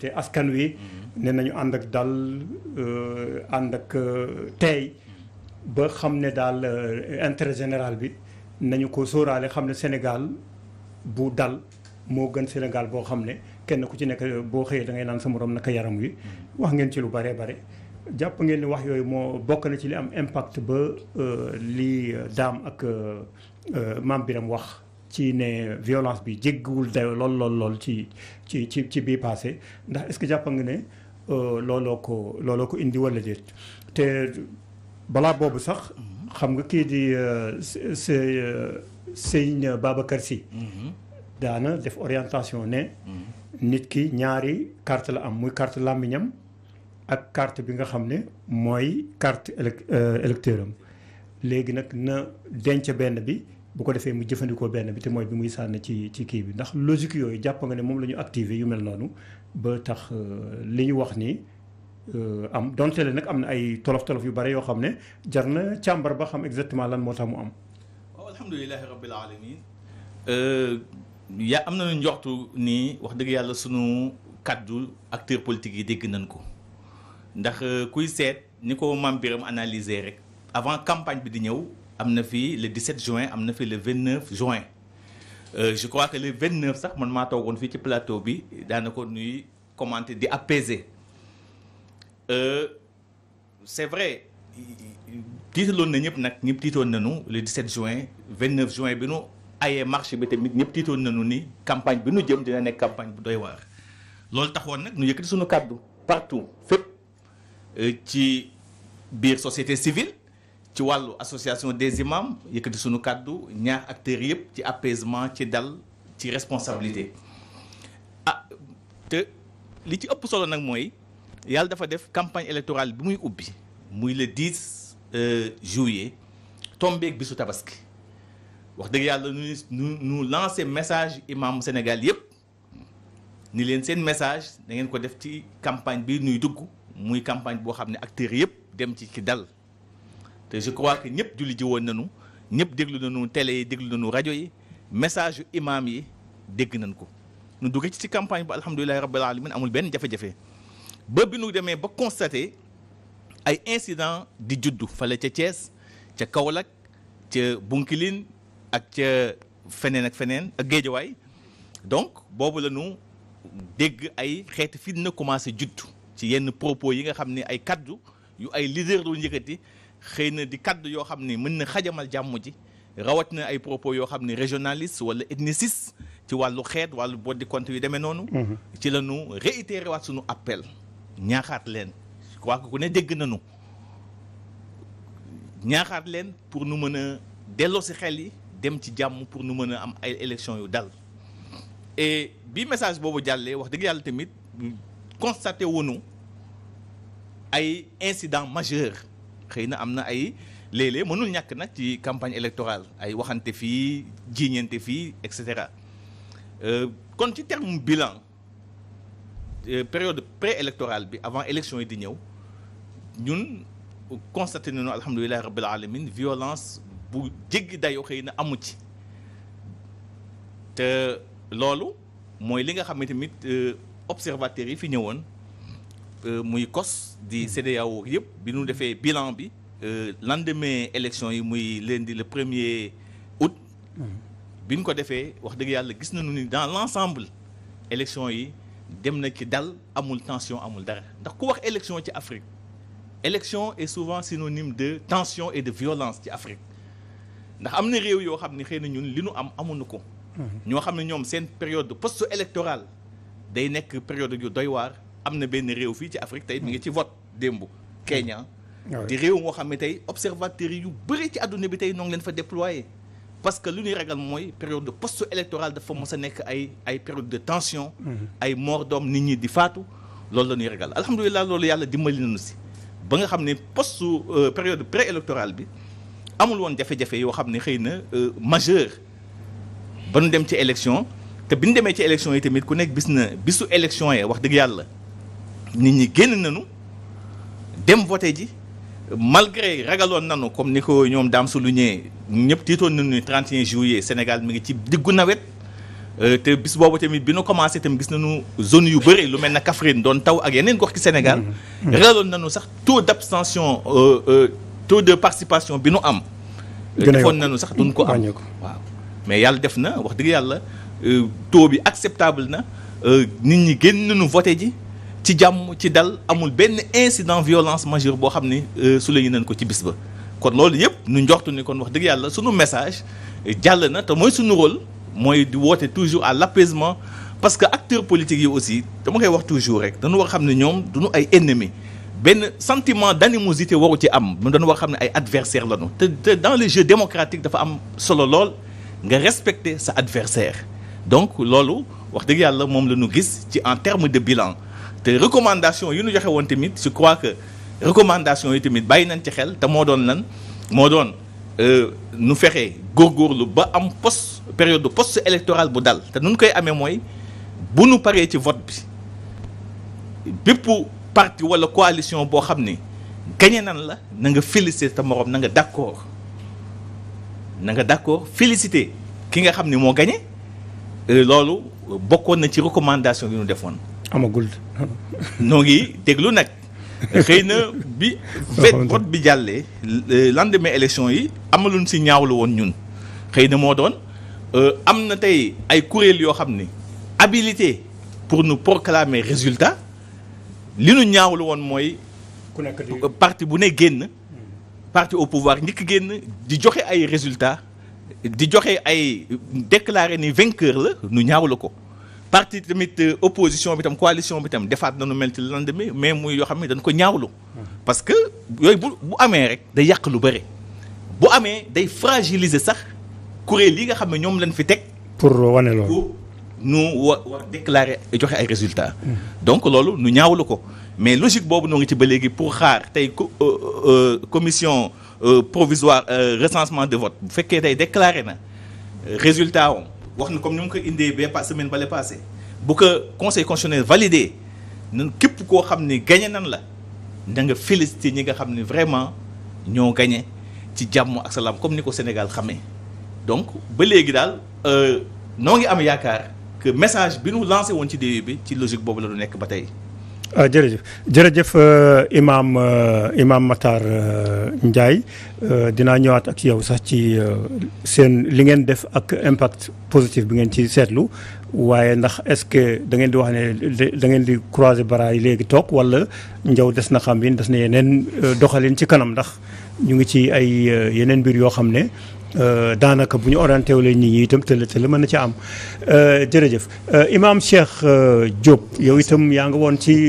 te askan wi. ne nañu ànd ak dal euh, ànd ak euh, tey ba xam ne daal euh, intérêt général bi nañu ko sóoraale xam ne Sénégal bu dal moo gën Sénégal boo xam ne kenn ku ci nekk boo xëyee da ngay naan sa moroom naka yaram wi. Mm-hmm. wax ngeen ci lu bare bare jàpp ngeen ni wax yooyu moo bokk na ci li am impact ba li daam ak maam Biram wax. ci ne violence bi jéggiwul dayo lool lool lool ci ci ci ci bii passé ndax est-ce que jàpp nga ne euh, looloo ko looloo ko indi wala déet te balaa boobu sax xam nga kii di euh, euh, sëñ Babacar si daana def orientation ne nit ki ñaari carte la am muy carte làmmiñam ak carte bi nga xam ne mooy carte élec électeur am léegi nag na denc benn bi bu ko defee mu jëfandikoo benn bi te mooy bi muy sànn ci ci kii bi ndax logique yooyu jàpp nga ne moom lañu ñu activé yu mel noonu ba tax euh, li ñu wax ni euh, am donte le nag am na ay tolof tolof yu bare yoo xam ne jar na càmbar ba xam exactement lan moo tax mu am. waaw alhamdulilahi rabbil alamin euh, yaa am na njoxtu nii wax dëgg yàlla sunu kaddu acteurs politiques yi dégg nañ ko ndax kuy seet ni ko maam Biram analyser rek avant campagne bi di ñëw. am na fi le 17 juin am na fi le 29 juin euh, je crois que le 29 sax man maa toogoon fii ci plateau bi daana nuy commenter di apaiser euh, c'est vrai tiitaloon na ñëpp nag ñëpp tiitoon nañu le 17 juin 29 juin bi nu ayee marché bi tamit ñëpp tiitoon nañu ni campagne bi nu jëm dina nekk campagne bu doy waar loolu taxoon nag nu yëkkati suñu kàddu partout fépp euh, ci biir société civile ci wàllu association des imams yëkkati sunu kàddu ñaax acteurs yëpp ci apaisement ci dal ci responsabilité ah te li ci ëpp solo nag mooy yàlla dafa def campagne électorale bi muy ubbi muy le 10 euh, juillet tombeeg bisu tabaski wax dëgg yàlla nu nu nu lancer message imam Sénégal yëpp ni leen seen message da ngeen ko def ci campagne bi nuy dugg muy campagne boo xam ne acteur yëpp dem ci ci dal te je crois que ñëpp julli ji woon nañu ñëpp déglu nañu télé yi déglu nañu rajo yi message yu imaam yi dégg nañ ko nu duggee ci campagne bu alhamdulilahi rabbil alamin amul benn jafe-jafe ba bi nu demee ba constaté ay incident di juddu fale ca Thiès ca Kaolack ca Bunkiling ak ca feneen ak feneen ak Géejawaay donc boobu la dégg ay xeeti na commencé juddu ci yenn propos yi nga xam ni ay kaddu yu ay leader doon yëkkati xëy na di kaddu yoo xam ne mën na xajamal jàmm ji rawat na ay propos yoo xam ne régionaliste wala ethniciste ci wàllu xeet wàllu boddi compte yu demee noonu mhm. ci la ñu réitéré waat suñu appel ñaaxaat leen waa ku ne dégg nañu ñaaxaat leen pour nu mën a delloo si xel yi dem ci jàmm pour nu mën a am ay élection yu dal et bi message boobu jàllee wax dëgg yàlla tamit constaté wonu ay incident majeur xëy na am na ay léeg-léeg mënul ñàkk nag ci campagne électorale ay waxante fii jiiñante fii et cetera euh, kon ci terme bilan euh, période pré-électorale bi avant élection yi di ñëw ñun constaté nañu alhamdulilah rabbil alamin violence bu jéggi dayoo xëy na amu ci te loolu mooy li nga xam ne tamit euh, observateurs yi fi ñëwoon Euh, muy COS di mm-hmm. CEDEAO yëpp bi ñu defee bilan bi euh, lendemain élection yi muy lundi le premier août mm-hmm. bi ñu ko defee wax dëgg yàlla gis nañu ni dans l'ensemble élection yi dem na ci dal amul tension amul dara ndax ku wax élection ci Afrique élection est souvent synonyme de tension et de violence ci Afrique ndax am na réew yoo xam ne xëy na ñun li nu am amul na ko mm-hmm. ñoo xam ne ñoom seen période post électorale day nekk période yu doy waar am na benn réew fii ci Afrique tey mi ngi ci vote démb Kenya mm. di réew moo xam ne tey observateurs yu bëri ci àdduna bi tey noonu ngi leen fa déployé parce que lu ñuy ragal mooy période de post électorale dafa mos a nekk ay ay période de tension mm-hmm. ay mort doom nit ñi di faatu loolu la ñuy ragal alhamdulilah loolu yàlla dimbali nañu si ba nga xam ne post euh, période pré électorale bi amul woon jafe-jafe yoo xam ne xëy na euh, majeur ba ñu dem ci élection te bi ñu demee ci élection yi tamit ku nekk bis na bisu élection yi wax dëgg yàlla nit ñi génn nañu dem voté ji malgré ragaloon nañu comme ni ko ñoom daam su lu ñëwee ñëpp tiitoon nañu ne 31 juillet Sénégal mi ngi ci diggu nawet euh, te bis boobu tamit bi nu commencé tam gis nañu zone yu bëri lu mel na Kaffrine doon taw ak yeneen gox ci Sénégal. Mm-hmm. Mm-hmm. ragaloon nañu sax taux d' abstention euh, euh, taux de participation bi nu am. defoon nañu sax duñ ko am waaw. mais yàlla def na wax dëgg yàlla taux bi acceptable na nit ñi génn nañu voté ji. ci jàmm ci dal amul benn incident violence majeure boo xam ni euh, souligné nañ ko ci bis ba kon loolu yëpp nu njortu ni kon wax dëgg yàlla sunu message jàll na te mooy sunu rôle mooy di woote toujours à l'apaisement parce que acteurs politiques yi aussi dama koy wax toujours rek dañu war xam ne ñoom du duñu ay ennemis benn sentiment d'animosité waru ci am mu dañu xam ne ay adversaires lañu te te dans les jeux démocratiques dafa am solo lool nga respecter sa adversaire donc loolu wax dëgg yàlla moom la ñu gis ci en terme de bilan te recommandation yi ñu joxe woon tamit je crois que recommandation yi tamit bàyyi nañ ci xel te moo doon lan moo doon euh, nu fexe góorgóorlu ba am post période de poste électoral bu dal te nu koy amee mooy bu nu paree ci vote bi bépp parti wala coalition boo xam ni gañe nan la na nga féliciter ta morom na nga d'accord na nga d'accord féliciter ki nga xam ni moo gañe euh, loolu bokkoon na ci recommandation yi ñu defoon amagul. noo ngi déglu nag xëy na bi. vote vote bi jàllee. lendemain élection yi amaluñ si ñaawlu woon ñun xëy na moo doon euh, am na tey ay kuréel yoo xam ni habilité pour nous proclamer résultat li nu ñaawlu woon mooy. ku nekk di parti bu ne génn. parti au pouvoir njëkk génn di joxe ay résultats di joxe ay déclarer ni vainqueur la nu ñaawlu ko. parti tamit euh, opposition bi tam coalition bi tam defaat na nu mel ci lendemain mais muy yoo xam ne dañ ko ñaawlu. parce que yooyu bu bu amee rek day yàq lu bëri bu amee day fragiliser sax kuréel yi nga xam ne ñoom lañ fi teg. pour wane loolu pour nu wa war joxe ay résultats. donc loolu nu ñaawlu ko mais logique boobu noo ngi ci ba léegi pour xaar tey euh, euh, commission provisoire recensement de vote bu fekkee tey déclaré na résultat am wax na comme ni mu ko indee bee pa semaine bale passé bu ko conseil constitutionnel validé nan képp koo xam ne gagné nan la da nga félicité ñi nga xam ne vraiment ñoo gagné ci jàmm ak salaam comme ni ko Sénégal xamee donc ba léegi daal euh, noo ngi am yaakaar que message bi nu lancé woon ci début bi ci logique boobu la du nekk ba tey Euh, jërëjëf jërëjëf imaam euh, imaam euh, Matar Ndiaye dinaa ñëwaat ak ci yow sax ci seen li ngeen def ak impact positif bi ngeen ci seetlu waaye ndax est-ce que da ngeen di wax ne dangeen di croiser bras yi léegi toog walla njaw des na xam yi des na yeneen doxalin ci kanam ndax ñu ngi ci ay yeneen mbir yoo xam ne. daanaka bu ñu orienté wu ñi nit ñi itam tële tële mën na ci am jërëjëf imaam Cheikh Diop yow itam yaa nga woon ci.